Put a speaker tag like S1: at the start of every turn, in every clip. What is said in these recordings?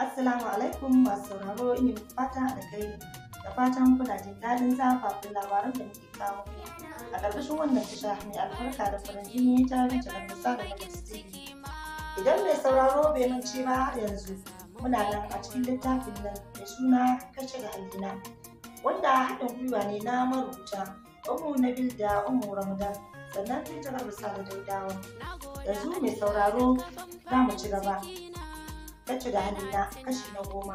S1: Assalamu alaikum masu sauraro ina fata da kai da fatan kuna jin daɗin zafafin labaran da muke kawo a ƙarƙashin wannan tasha mai albarka da farin jini ta rage da musa da idan mai sauraro bai mance ba har yanzu muna nan a cikin littafin nan mai suna kashe ga albina. wanda haɗin gwiwa ne na marubuta umu nabil da umu ramadan sannan tutar sa da daudawa yanzu mai sauraro za mu ci gaba ta da hannuna kashi na goma.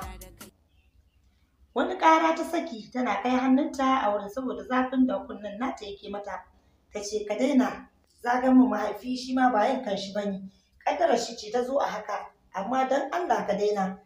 S1: Wani ƙara ta saki tana kai hannunta a wurin saboda zafin da kunnen nata yake mata. Ta ce ka daina zagan mu mahaifi shi ma ba yin kanshi ba ne. Ƙaddarar shi ce ta zo a haka amma don Allah ka daina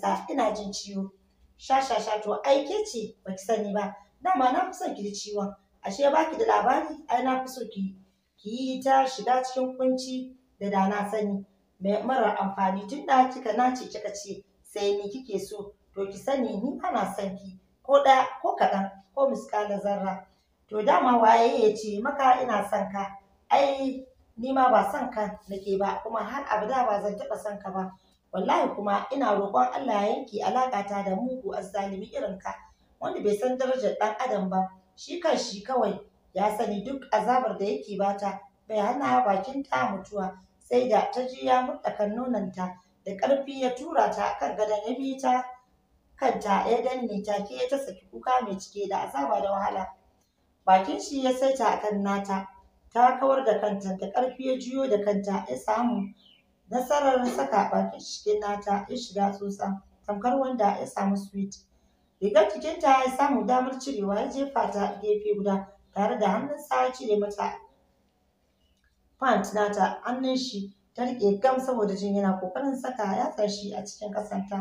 S1: sa ina jin ciwo. Sha sha to aike ce ba ki sani ba dama na fi son ki ji ciwon ashe ba ki da labari ai na fi so ki yi ta shiga cikin kunci da da na sani. Mai mara amfani tun da kika nace kika ce sai ni kike so to ki sani ni ana son ki ko ɗaya ko kaɗan ko miskala zarra to dama waye ya ce maka ina son ka ai ni ma ba son ka nake ba kuma har abu da ba zan taɓa son ka ba wallahi kuma ina roƙon Allah ya yanke alaƙata da mugu azzalimi irin ka wanda bai san darajar ɗan adam ba shi kan shi kawai ya sani duk azabar da yake bata bai hana bakin ta mutuwa sai da ta ji ya murɗakan nononta da ƙarfi ya tura ta kan gadon ya ta kanta ya danne ke ta saki kuka mai cike da azaba da wahala bakin shi ya saita a kan nata ta kawar da kanta da ƙarfi ya juyo da kanta ya samu nasarar saka bakin cikin nata ya shiga tsotsa tamkar wanda ya samu sweet rigar jikinta ya samu damar cirewa ya jefa ta gefe guda tare da hannun sa ya cire mata pant nata hannun shi ta rike gam saboda jin yana kokarin saka yatsar shi a cikin kasanta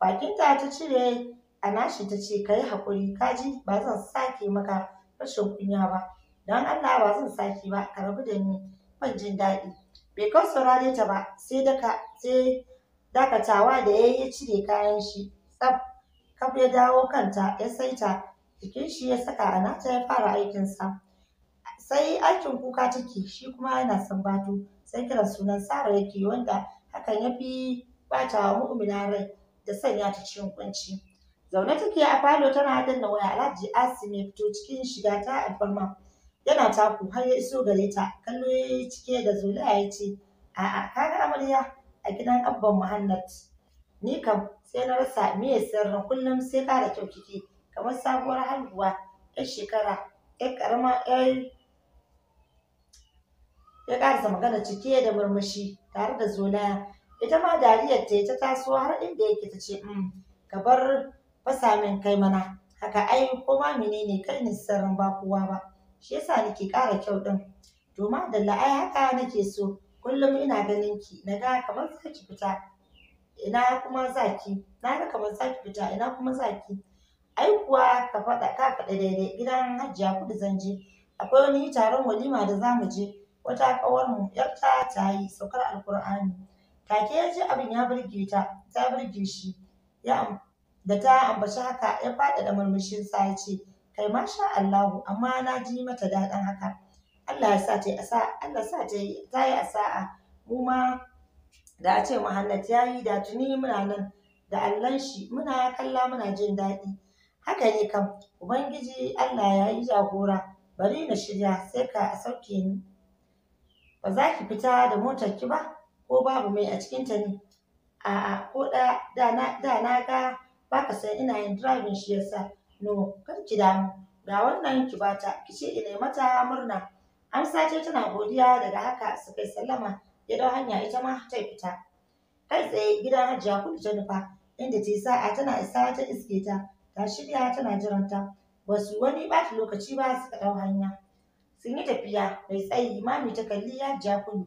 S1: bakinta ta cire a nashi ta ce ka yi kaji ba zan sake maka rashin kunya ba don allah ba zan sake ba ka rabu da ni ban jin daɗi bai kan saurare ta ba sai daka sai dakatawa da ya ya cire kayan shi tsaf kaf ya dawo kanta ya saita jikin shi ya saka a nata ya fara aikinsa sai aikin kuka take shi kuma yana bato, sai kiran sunan sara yake wanda hakan ya fi bata wa mu'mina rai da sanya ta cikin kunci zaune take a falo tana hadin da waya alhaji asimi fito cikin shiga ta alfarma yana taku har ya iso gare ta kallo cike da zoliya ya ce a'a kaga amarya a gidan abban muhannad ni kam sai na rasa miye sirrin kullum sai kara kyau kike kamar sabuwar haihuwa yar shekara 'yan ƙarama, 'yan. ya karasa magana cike da murmushi tare da zolaya ita ma dariyar ta ta taso har inda yake ta ce mm, ka bar fasa min kai mana haka ai ko ma menene kai ne sirrin ba kowa ba shi yasa nake ƙara kyau din to ma da ai haka nake so kullum ina ganin ki na ga kamar za ki fita ina kuma za ki na kamar za fita ina kuma za ai kuwa ka faɗa ka faɗa daidai gidan hajiya kudu zanje akwai wani taron walima da zamu je wata ƙawarmu yar ta yi saukar alkur'ani take ya ji abin ya burge ta ta burge shi ya da ta ambaci haka ya da murmushin sa ya ce kai masha Allahu amma na ji mata daɗin haka Allah ya sa ta yi Allah sa ta yi ta yi asa'a mu ma da a ce muhallat ya yi da tuni muna nan da allon shi muna kalla muna jin daɗi haka ne kam ubangiji Allah ya yi jagora bari na shirya sai ka sauke ni ba za ki fita da motar ki ba ko babu mai a cikinta ne a'a ko da na da na ga ba ka san ina yin driving shi yasa no kar ki damu ga wannan ki bata ki ce ina mata murna An sace tana godiya daga haka su kai sallama ya dau hanya ita ma ta fita kai tsaye gidan hajiya kudu ta nufa inda ta sa'a tana isa ta iske ta ta shirya tana jiranta su wani ɓata lokaci ba suka dau hanya sun yi tafiya mai tsayi mami ta kalli hajiya kunu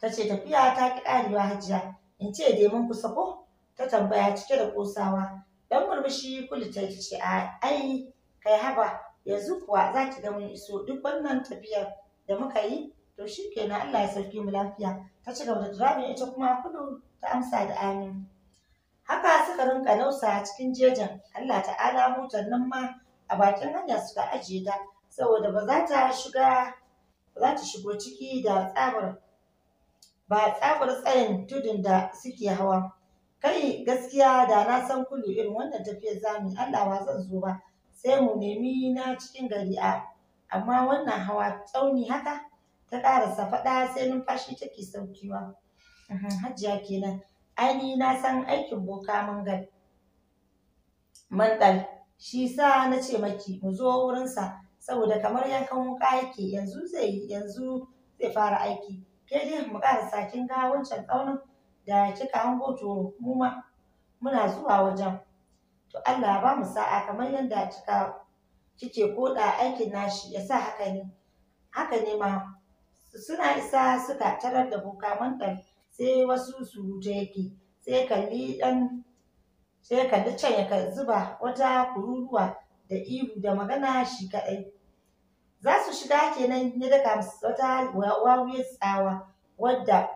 S1: ta ce tafiya ta ki karewa hajiya in ce dai mun kusa ko ta tambaya cike da kosawa dan murmushi kulu ta ce a ai kai haba yanzu kuwa za ki ga mun iso duk wannan tafiyar da muka yi to shi kenan Allah ya sarki mu lafiya ta ci gaba da turabin ita kuma kudu ta amsa da amin haka suka rinka nausa cikin jejin Allah ta'ala motar nan ma a bakin hanya suka ajiye da. saboda ba za ta shiga ba za ta shigo ciki da tsabar ba tsabar tsayin tudun da suke hawa kai gaskiya da na san kullu irin wannan tafiyar zamu Allah ba zan zo ba sai mu nemi na cikin gari a amma wannan hawa tsauni haka ta ƙarasa faɗa sai numfashi take saukewa hajjiya kenan aini na san aikin boka mangal mangal shi sa na ce maki mu zo wurinsa saboda kamar yankan wuka yake yanzu zai yanzu zai fara aiki ke dai mu kara sakin ga wancan tsaunin da kika hango to mu ma muna zuwa wajen to Allah ba mu sa'a kamar yadda kika kike koda aikin nashi yasa haka ne haka ne ma suna isa suka tarar da bukaman ɗan sai wasu surutu yake sai kalli ɗan sai kalli can ya zuba wata kururuwa da ihu da magana shi kaɗai. Za su shiga kenan ya daka wata wawuyar tsawa wadda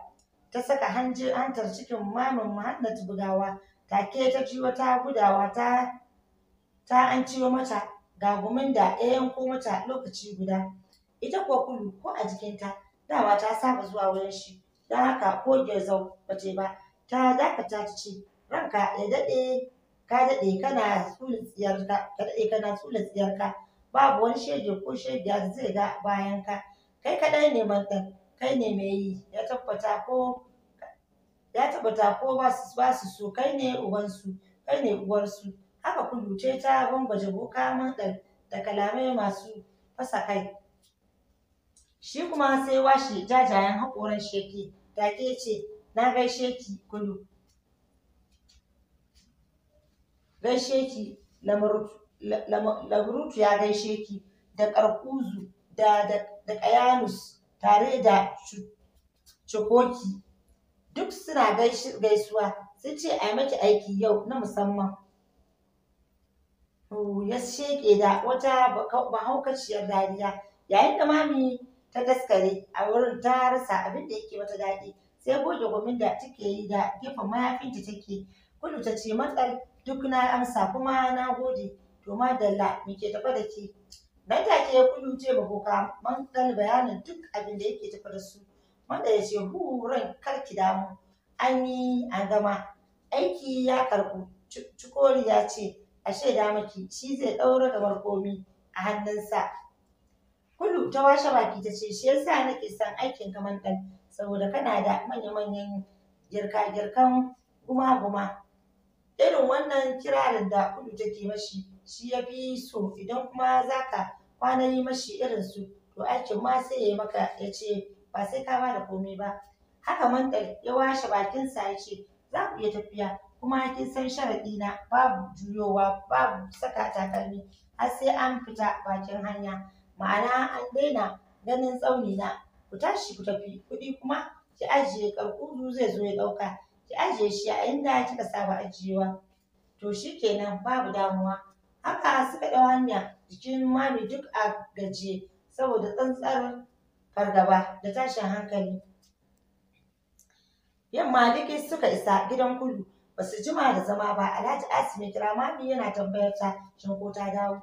S1: ta saka hantar cikin mamin Muhannatu bugawa take ta ji wata gudawa ta ta an ciwo mata ga gumin da ya yanko mata lokaci guda. Ita ko kulu ko a jikinta dama ta saba zuwa wurin shi don haka ko gyarzau ba ba ta dakata ta ce ranka ya daɗe ka daɗe kana tsiyarka ka daɗe kana tsula tsiyarka babu wani shege ko shegiya da zai ga bayan ka kai kaɗai ne mantan kai ne mai yi ya tabbata ko ya tabbata ko ba su so kai ne ubansu kai ne uwarsu haka kuduce ta bambaje boka mantan da kalamai masu fasa kai shi kuma sai washe jajayen haƙoran da take ce na gaishe ki kulu gaishe ki ya gaishe ki da karkuzu da da kayanus tare da cikoki duk suna gaisuwa sai ce a maki aiki yau na musamman ya sheke da wata mahaukaciyar dariya yayin da mami ta daskare a wurin ta rasa abin da yake mata daɗi sai goge gomin da take yi da gefen ta take kudu ta ce matsal duk na amsa kuma na gode to madalla me ke tafa da ke Dan take ya kuluce ba kuka man dal bayanin duk abin da yake tafa da su wanda ya ce huran karki damu an yi an gama aiki ya karbu cikori ya ce a shaida maki shi zai ɗaura da komi a hannunsa kulu ta washe baki ta ce shi yasa nake son aikin kamar ɗan saboda kana da manya-manyan girka-girkan guma-guma irin wannan kirarin da kudu take mashi shi ya fi so idan kuma za ka kwana yi mashi irin su to aikin ma sai ya yi maka ya ce ba sai ka da komai ba haka mantar ya washe bakinsa ya ce za ku iya tafiya kuma kin san sharaɗi na babu juyowa babu saka takalmi har sai an fita bakin hanya ma'ana an daina ganin tsauni na ku tashi ku tafi kuɗi kuma ki ajiye karkudu zai zo ya ɗauka ki ajiye shi a inda kika saba ajiyewa to shi kenan babu damuwa haka suka ɗau hanya jikin mami duk a gajiye saboda tsantsar fargaba da tashin hankali yamma Maliki suka isa gidan kudu basu su jima da zama ba alhaji asimi kira mami yana tambayar ta shin ko ta dawo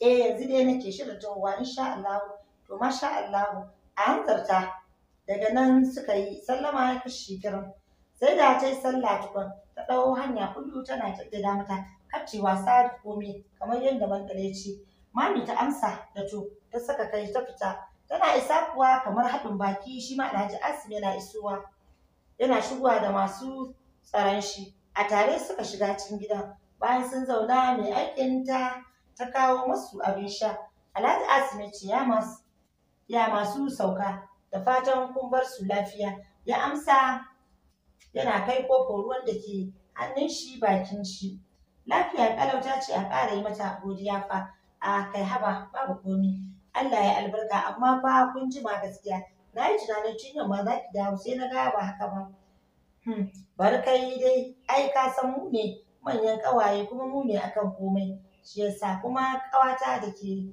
S1: eh yanzu dai nake shirin tawowa insha Allah to masha Allah a hanzarta daga nan suka yi sallama ya kashi kiran sai da ta yi sallah tukun ta ɗau hanya kullu tana jaddada mata kacce wasa da komai kamar yadda bankare ce mami ta amsa da to ta saka kai ta fita tana isa kuwa kamar haɗin baki shi ma alhaji asim yana isowa yana shigowa da masu tsaron shi a tare suka shiga cikin gidan bayan sun zauna mai aikin ta ta kawo masu abin sha alhaji asim ya ce ya masu sauka da fatan kun bar su lafiya ya amsa yana kai kofar ruwan da ke hannun shi bakin shi lafiya kalau ta ce a ƙara yi mata godiya fa a kai haba babu komi Allah ya albarka amma ba kun ji ma gaskiya na yi tunanin cinya ma za ki dawo sai na gaya ba haka ba hmm, bari kai dai ai ka san mu ne manyan ƙawaye kuma mu ne akan komai shi yasa kuma ƙawata da ke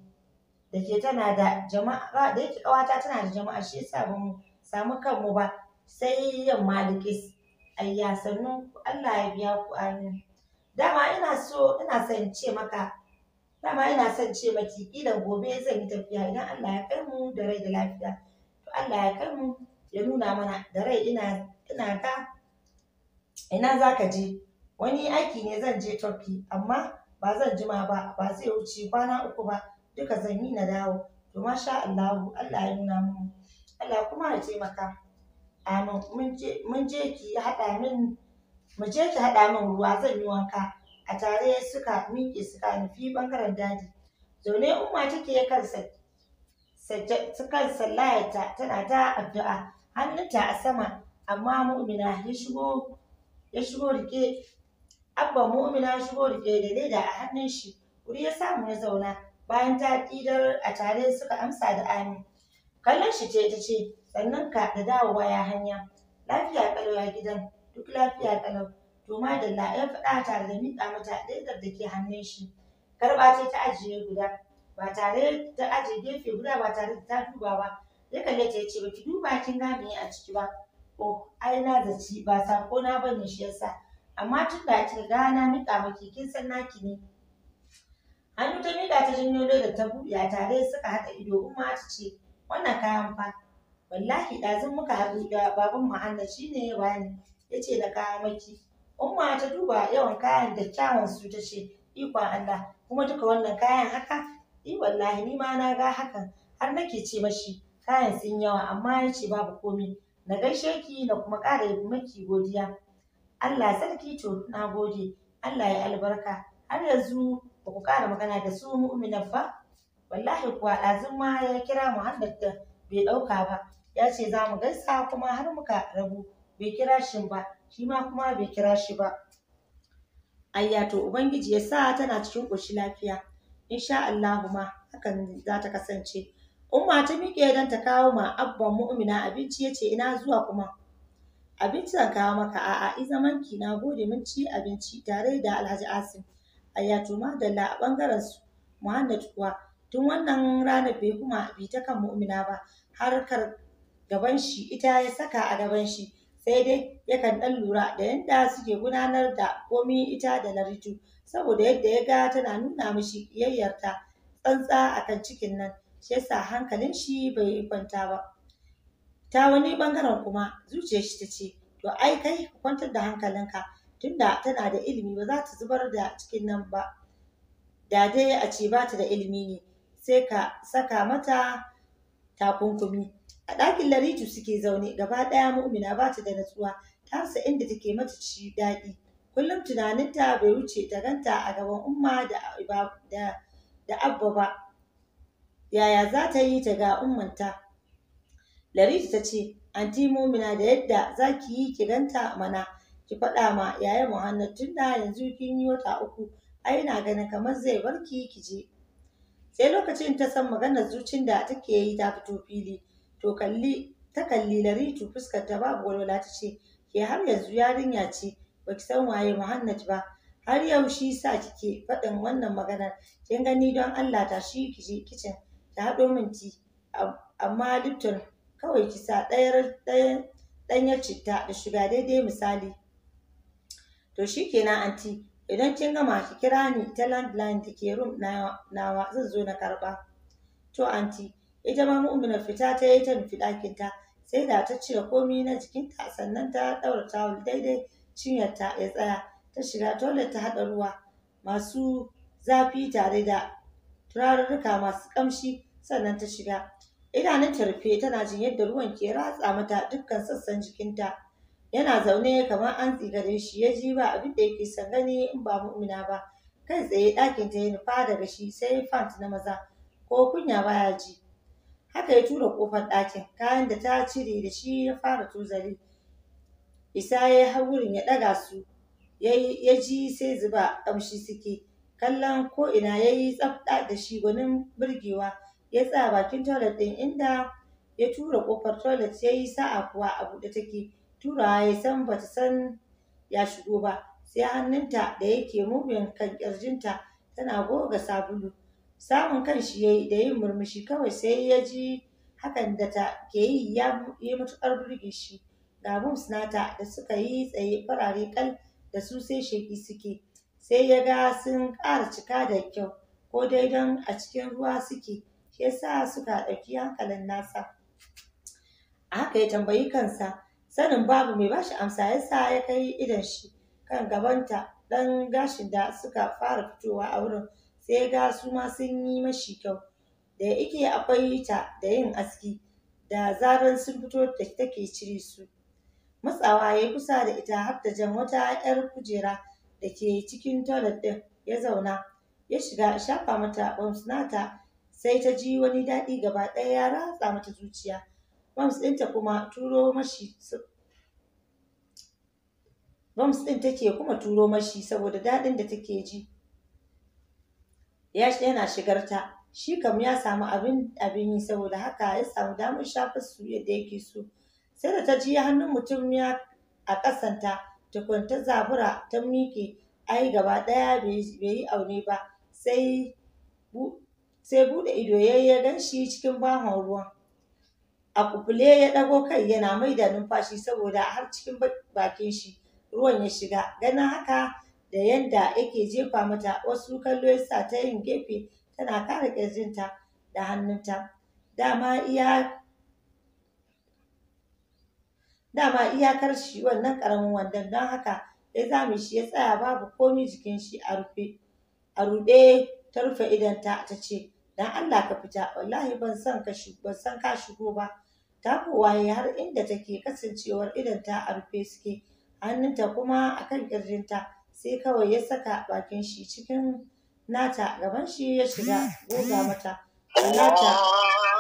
S1: da ke tana da jama'a da yake ƙawata tana da jama'a shi yasa ba mu samu kanmu ba sai yamma da ayya sannan Allah ya biya ku amin dama ina so ina son ce maka dama ina san ce maki kila gobe zan yi tafiya idan Allah ya kai mu da rai da lafiya to Allah ya kai mu ya nuna mana da rai ina ina ka ina zaka je wani aiki ne zan je Turkey amma ba zan jima ba ba zai wuce kwana uku ba duka zan yi na dawo to masha Allah Allah ya nuna mu Allah kuma ya taimaka Amin. Mun je ki haɗa min mu je ki haɗa min ruwa zan yi wanka. A tare suka miƙe suka nufi ɓangaren daji. Zaune umma take kan kan tana ta addu'a hannunta a sama amma mu'mina ya shigo ya shigo rike mu'mina shigo rike da leda a hannun shi wuri ya samu ya zauna bayan ta kidar a tare suka amsa da amin kallon shi ce ta ce sannan ka da dawowa ya hanya lafiya kalau ya gidan duk lafiya kalau to la ya faɗa tare da mika mata ledar da ke hannun shi karɓa ce ta ajiye guda ba tare ta ajiye gefe guda ba tare da ta duba ba ya kalle ta yace baki duba kin ga me a ciki ba oh ai na da ci. ba sako na bane shi yasa amma tun da kika ga na miƙa maki kin san naki ne hannu ta miƙa ta janyo da ta buɗe tare suka haɗa ido umma ta ce wannan kayan fa wallahi ɗazun muka haɗu da baban muhammad shi ne ya bani ya ce na kawo maki umma ta duba yawan kayan da kyawun su ta ce ikon allah kuma duka wannan kayan haka i eh, wallahi ni ma na ga hakan har nake ce mashi kayan sun yawa amma ya ce babu komai. na gaishe ki na kuma ƙara yi maki godiya allah sarki to na gode allah ya albarka har yanzu ba ku ƙara magana da su mu'minan ba wallahi kuwa ɗazun ma ya kira muhammad da bai ɗauka ba ya ce za mu gaisa kuma har muka rabu bai kira shi ba shi ma kuma bai kira shi ba ayya to ubangiji ya sa tana cikin ƙoshi lafiya insha Allahu ma hakan za ta kasance umma ta miƙe don ta kawo ma abban mu'mina abinci ya ce ina zuwa kuma abinci zan kawo maka a'a i zaman na gode mun ci abinci tare da Alhaji Asim ayya to madalla a bangaren su Muhammad kuwa tun wannan ranar bai kuma bi ta kan mu'mina ba har gaban shi ita ya saka a gaban shi sai dai yakan ɗan lura da yadda suke gudanar da komi ita da Laritu saboda yadda ya ga tana nuna mishi yayyarta tsantsa a kan cikin nan shi yasa hankalin shi bai kwanta ba ta wani bangaren kuma zuciyar shi ta ce to ai kai ka kwantar da hankalinka tunda tana da ilimi ba za ta zubar da cikin nan ba da dai a ce ba ta da ilimi ne sai ka saka mata takunkumi a ɗakin laritu suke zaune gaba ɗaya mu'mina ba ta da natsuwa ta inda take mata ci daɗi kullum tunaninta bai wuce ta ganta a gaban umma da da abba ba yaya za ta yi ta ga ummanta laritu ta ce anti mumina da yadda za ki yi ki ganta mana ki faɗa ma yayan muhannad tun da yanzu kin yi wata uku ai ina ganin kamar zai barki ki je sai lokacin ta san maganar zucin da take yi ta fito fili to kalli ta kalli laritu fuskar ta babu walwala ta ce ke har yanzu yarinya ce Ba ki san waye muhannad ba har yau shi sa kike faɗin wannan maganar kin gani don Allah ta shi ki je kicin ta haɗo min ti amma Lipton kawai ki sa ɗayar ɗanyar citta da shiga daidai misali to shi na anti idan kin gama ki kira ni ta landline da ke room nawa zan zo na karɓa to anti ita ma mu'mina fita ta yi ta nufi ɗakinta sai da ta cire komi na jikinta sannan ta ɗaura tawul daidai cinyarta ya tsaya ta shiga toilet ta haɗa ruwa masu zafi tare da turarurruka masu ƙamshi sannan ta shiga ta rufe tana jin yadda ruwan ke ratsa mata dukkan sassan jikinta yana zaune kamar an tsigare shi ya ji ba abin da yake son gani in ba mu'mina ba kai tsaye ɗakin ta ya nufa daga shi sai fant na maza ko kunya baya ji haka ya tura kofar ɗakin kayan da ta cire da shi ya fara tuzari isa ya har wurin ya ɗaga su ya ji sai zuba ƙamshi suke kallon ko ina ya yi tsafta da shi gwanin burgewa ya tsaya bakin toilet ɗin inda ya tura ƙofar toilet ya yi sa'a kuwa a buɗe take turawa ya san ba ta san ya shigo ba sai hannunta da yake mubin kan ƙirjinta tana goga sabulu samun kanshi ya yi da yin murmushi kawai sai ya ji hakan da ta ke yi ya yi matuƙar burge shi ga bums nata da suka yi tsaye farare kal da su sai sheki suke sai ya ga sun ƙara cika da kyau ko dai don a cikin ruwa suke shi yasa suka ɗauki hankalin nasa a haka ya tambayi kansa sanin babu mai bashi amsa yasa ya kai idon shi kan gabanta ɗan gashin da suka fara fitowa a wurin sai ga su ma sun yi mashi kyau da yake akwai ta da yin aski da zaran sun fito da take cire su matsawa ya kusa da ita har da jan wata yar kujera da ke cikin toilet din ya zauna ya shiga shafa mata bams nata sai ta ji wani daɗi gaba ɗaya ya ratsa mata zuciya bams ɗinta kuma turo mashi bams ɗin take kuma turo mashi saboda daɗin da take ji ya yana shigar ta shi kam ya samu abin abin yi saboda haka ya samu damar shafar su yadda yake so sai da ta ji hannun mutum ya a kasanta tukunta zabura ta miki, ai gaba ɗaya bai yi aure ba sai sai buɗe ido ya ya gan shi cikin bahon ruwan a kufule ya ɗago kai yana mai da numfashi saboda har cikin bakin shi ruwan ya shiga ganin haka da yanda yake jefa mata wasu kallo ya sa ta yin gefe tana kare ƙirjinta da hannunta dama iya dama iyakar shi wannan ƙaramin wandan don haka ya zame shi ya tsaya babu komi jikin shi a rufe a rufe ta rufe idonta ta ta ce dan Allah ka fita wallahi ban san ka ban san ka shigo ba takowa waye har inda take kasancewar ta a rufe suke hannunta kuma akan ƙirjinta sai kawai ya saka bakin shi cikin nata gaban shi ya shiga goga mata nata